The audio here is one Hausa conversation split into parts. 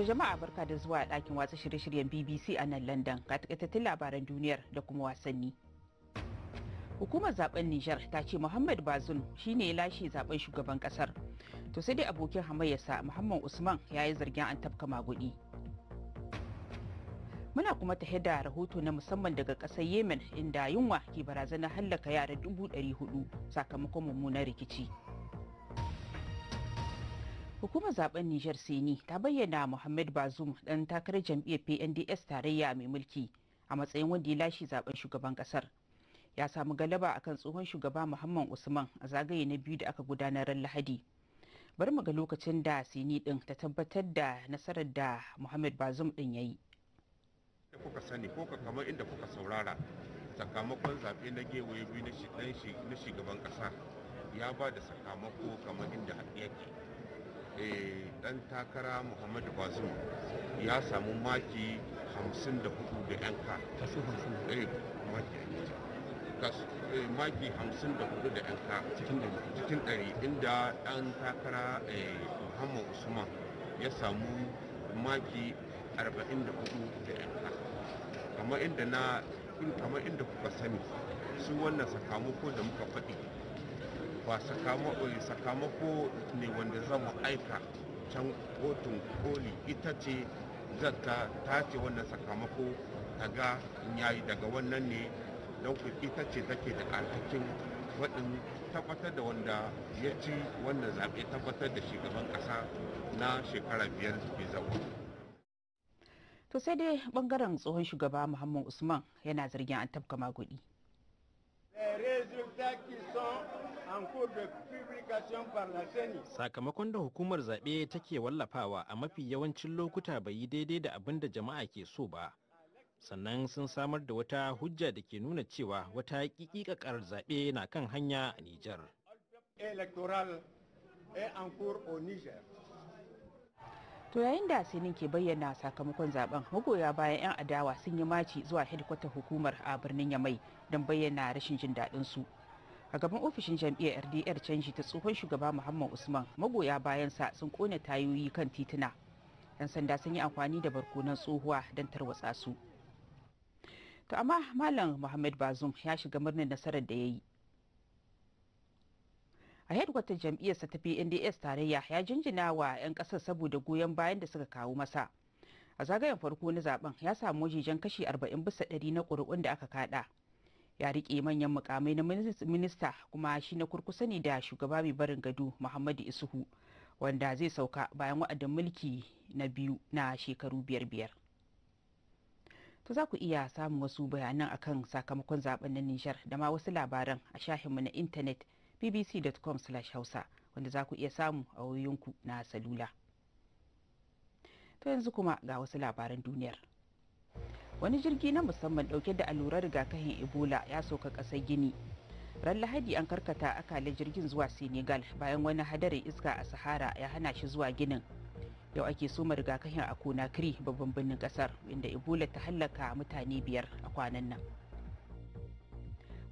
To jama'a barka da zuwa ɗakin watsa shirye-shiryen BBC a nan London ga takaitattun labaran duniyar da kuma wasanni. Hukumar zaben Nijar ta ce Muhammad Bazoum shine ya lashe zaben shugaban kasar. To sai dai abokin hamayyarsa Muhammad Usman ya yi zargin an tafka magudi. Muna kuma ta da rahoto na musamman daga ƙasar Yemen inda yunwa ke barazanar hallaka yara dubu ɗari hudu sakamakon mummunan rikici. Hukumar zaben Nijar Seni ta bayyana Muhammad Bazoum dan takarar jam'iyyar PNDS tarayya mai mulki a matsayin wanda ya lashe zaben shugaban kasar. Ya samu galaba akan tsohon shugaba Muhammad Usman a zagaye na biyu da aka gudanar ran Lahadi. Bari mu ga lokacin da Seni din ta tabbatar da nasarar da Muhammad Bazoum din yayi. Da kuka sani ko kamar inda kuka saurara sakamakon zaɓe na gewaye biyu na shugaban ƙasa ya ba da sakamako kamar inda yake. Eh, dan takara muhammadu bazum ya samu maki 54 da yanka eh, maki 54 eh, da yanka cikin dari. inda dan takara Muhammadu usman ya samu maki 44 da yanka kamar inda na kamar inda kuka sani su wannan sakamako da muka faɗi ba sakamako ne wanda za mu aika can kotun koli ita ce zata ta ce wannan sakamako ta ga yayi daga wannan ne don ita ce take da alhakin faɗin tabbatar da wanda ya ci wannan zaɓe tabbatar da shugaban ƙasa na shekara biyar bai zaɓa. To sai dai bangaren tsohon shugaba Muhammad Usman yana zargin an tafka magudi. Sakamakon da hukumar zaɓe take wallafawa a mafi yawancin lokuta bai yi daidai da abin da jama'a ke so ba. Sannan sun samar da wata hujja da ke nuna cewa wata ƙiƙiƙaƙar zaɓe na kan hanya a Nijar. To yayin da Sinin ke bayyana sakamakon zaben magoya bayan 'yan adawa sun yi maci zuwa hedikwatar hukumar a birnin Yamai don bayyana rashin jin daɗin su a gaban ofishin jam'iyyar rdr canji ta tsohon shugaba muhammad usman magoya bayansa sun kone tayoyi kan tituna yan sanda sun yi amfani da barkonan tsohuwa don tarwatsa su to amma malam muhammad bazum ya shiga murnar nasarar da ya yi a jam'iyyar sa ta pnds tarayya ya jinjina wa 'yan kasar saboda goyon bayan da suka kawo masa a zagayen farko na zaben ya samu wajejen kashi 40 bisa 100 na ƙuri'un da aka kada ya riƙe manyan mukamai na minista kuma shi na kurkusa ne da shugaba mai barin gado muhammadu isuhu wanda zai sauka bayan wa'adin mulki na biyu na shekaru biyar biyar to za ku iya samun wasu bayanan akan sakamakon zaben na nijar da ma wasu labaran a shahinmu na intanet bbc.com hausa wanda za ku iya samu a wayoyinku na salula to yanzu kuma ga wasu labaran duniyar wani jirgi na musamman dauke da allurar rigakafin ebola ya sauka kasar gini ran lahadi an karkata akalin jirgin zuwa senegal bayan wani hadarin iska a sahara ya hana shi zuwa ginin yau ake soma rigakafin a conakry babban birnin kasar inda ebola ta hallaka mutane biyar a kwanan nan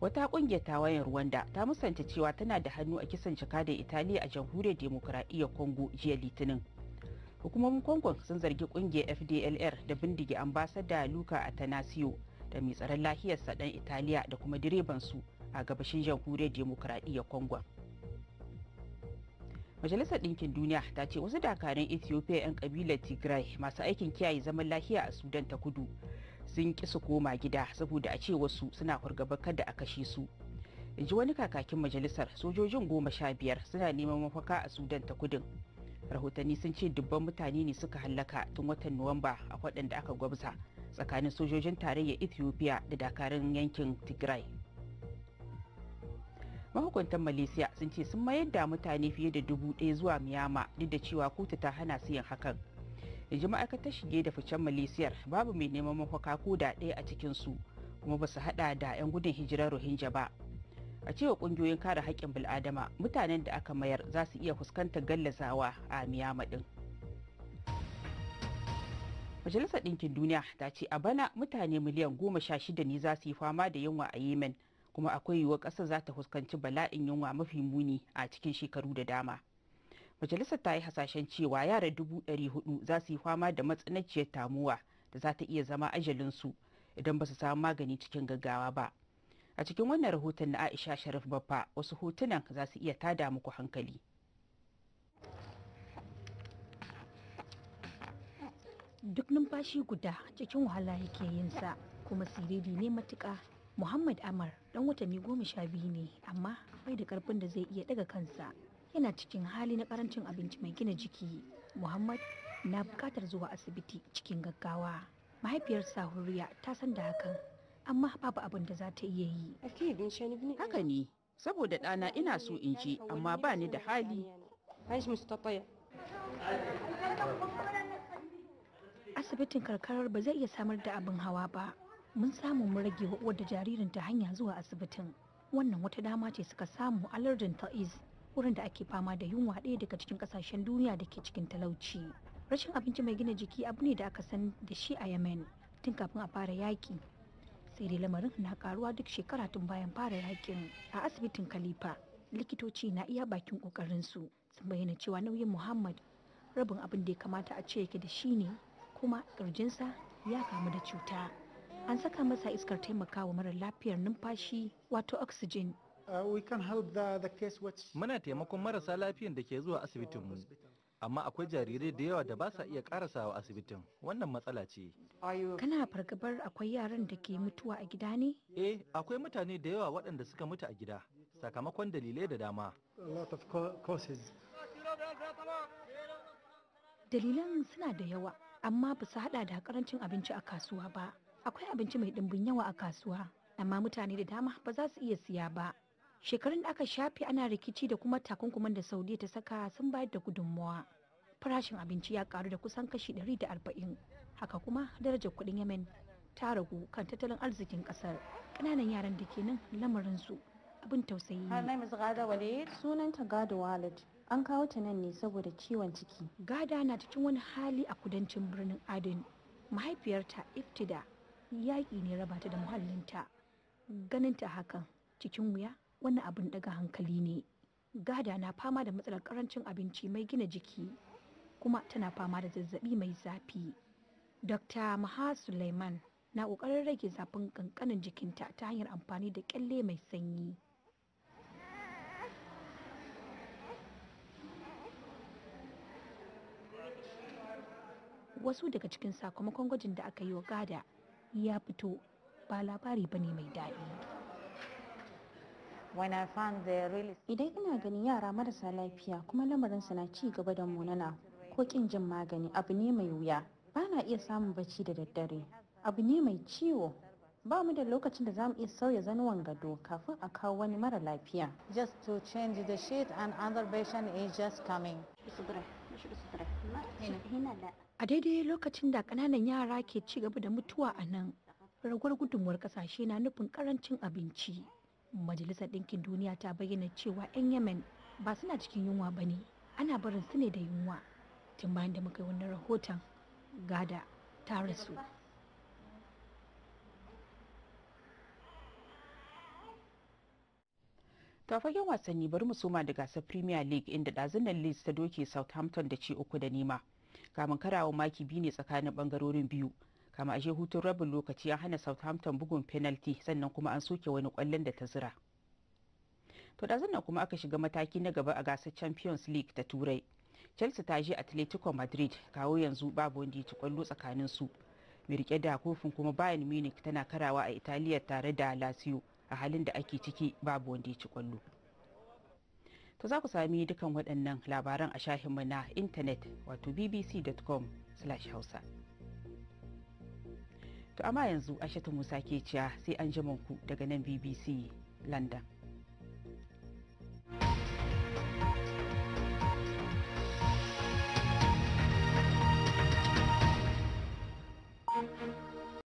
wata kungiyar tawayen rwanda ta musanta cewa tana da hannu a kisan da italiya a jamhuriyar demokuraɗiyyar congo jiya litinin hukumomin kwankwan sun zargi kungiyar fdlr da bindige ambasada luka atanasio da mai tsaron lahiyarsa dan italiya da kuma direban su a gabashin jamhuriyar demokuraɗiyyar kongon majalisar ɗinkin duniya ta ce wasu dakarun ethiopia 'yan kabilar tigray masu aikin kiyaye zaman lahiya a sudan ta kudu sun ƙi su koma gida saboda a ce wasu suna fargabar kada a kashe su in ji wani kakakin majalisar sojojin goma sha biyar suna neman mafaka a sudan ta kudin rahotanni sun ce dubban mutane ne suka hallaka tun watan nuwamba a da aka gwabza tsakanin sojojin tarayyar ethiopia da dakarun yankin tigray mahukuntan malaysia sun ce sun mayar da mutane fiye da dubu ɗaya zuwa miyama duk da cewa kotu ta hana su yin hakan yanzu ma'aikatar shige da ficen malaysia babu mai neman mafaka ko da ɗaya a cikinsu kuma ba su hada da 'yan gudun hijirar rohingya ba a cewa kungiyoyin kare haƙƙin bil'adama mutanen da aka mayar za su iya fuskantar gallazawa a miyama ɗin. majalisar ɗinkin duniya ta ce a bana mutane miliyan goma sha shida ne za su yi fama da yunwa a yemen kuma akwai yiwuwar ƙasar za ta fuskanci bala'in yunwa mafi muni a cikin shekaru da dama majalisar ta yi hasashen cewa yara dubu ɗari hudu za su yi fama da matsananciyar tamuwa da za ta iya zama ajalinsu idan ba su samu magani cikin gaggawa ba a cikin wannan rahoton na aisha sharif Baffa, wasu hotunan za su iya tada muku hankali duk numfashi guda cikin wahala yake yin sa kuma siriri ne matuka muhammad amar dan watanni goma sha biyu ne amma bai da karfin da zai iya daga kansa yana cikin hali na karancin abinci mai gina jiki muhammad na bukatar zuwa asibiti cikin gaggawa mahaifiyar sahuriya ta san da hakan amma babu abin da za ta iya yi. Haka ne, saboda ɗana ina so in je amma ba ni da hali. Asibitin karkarar ba zai iya samar da abin hawa ba. Mun samu mu rage wa da jaririn ta hanya zuwa asibitin. Wannan wata dama ce suka samu a lardin Ta'iz, wurin da ake fama da yunwa ɗaya daga cikin ƙasashen duniya da ke cikin talauci. Rashin abinci mai gina jiki abu ne da aka san da shi a Yemen tun kafin a fara yaƙi sai dai lamarin na karuwa duk shekara tun bayan fara yakin a asibitin khalifa likitoci na iya bakin kokarinsu sun bayyana cewa nauyin muhammad rabin abin da ya kamata a ce yake da shi ne kuma ƙirjinsa ya kamu da cuta an saka masa iskar taimakawa mara lafiyar numfashi wato oxygen uh, Muna taimakon marasa lafiyan da ke zuwa asibitinmu amma akwai jarirai da yawa da ba sa iya a asibitin wannan matsala ce kana fargabar akwai yaran da ke mutuwa a gida ne eh akwai mutane da yawa waɗanda suka mutu a gida sakamakon dalilai da dama dalilan suna da yawa amma ba su hada da karancin abinci a kasuwa ba akwai abinci mai ɗimbin yawa a kasuwa amma mutane da dama ba za su iya siya ba shekarun da aka shafe ana rikici da kuma takunkuman da saudi ta saka sun bayar da gudunmawa farashin abinci ya karu da kusan kashi 140 haka kuma darajar kudin yemen ta ragu kan tattalin arzikin kasar kananan yaran da ke nan lamarinsu abin tausayi ne sunanta gado walid an kawo ta nan ne saboda ciwon ciki gada na cikin wani hali a kudancin birnin adin mahaifiyarta iftida yaƙi ne rabata ta da muhallinta ganin ta hakan cikin wuya wannan abun daga hankali ne gada na fama da matsalar karancin abinci mai gina jiki kuma tana fama da zazzabi mai zafi dr maha suleiman na ƙoƙarin rage zafin kankanin jikinta ta hanyar amfani da ƙyalle mai sanyi wasu daga cikin sakamakon gwajin da aka yi wa gada ya fito ba labari bane mai daɗi Idan ina ganin yara marasa lafiya kuma lamarin su na ci gaba da munana ko kin jin magani abu ne mai wuya. Ba na iya samun bacci da daddare. Abu ne mai ciwo. Ba mu da lokacin da za mu iya sauya zanuwan gado kafin a kawo wani mara lafiya. Just to change the sheet and other patient is just coming. A daidai lokacin da ƙananan yara ke ci gaba da mutuwa a nan, ragwar gudunmuwar ƙasashe na nufin ƙarancin abinci. majalisar ɗinkin duniya ta bayyana cewa 'yan yemen ba suna cikin yunwa ba ne ana barin su ne da yunwa tun bayan da muka yi wannan rahoton gada ta rasu ta fagen wasanni bari mu soma da gasar premier league inda ɗazunan leeds ta doke southampton da ce uku da nema kamun karawa maki biyu ne tsakanin ɓangarorin biyu kama ashe hutun rabin lokaci an hana southampton bugun penalty sannan kuma an soke wani kwallon da ta zira to da sannan kuma aka shiga mataki na gaba a gasar champions league ta turai chelsea ta je atletico madrid kawo yanzu babu wanda ya ci kwallo tsakanin su mai rike da kofin kuma bayan munich tana karawa a italiya tare da lazio a halin da ake ciki babu wanda ya ci kwallo to za ku sami dukan waɗannan labaran a shahinmu na intanet wato bbc.com/hausa to amma yanzu aishatu musa ke ciya sai an ku daga nan bbc london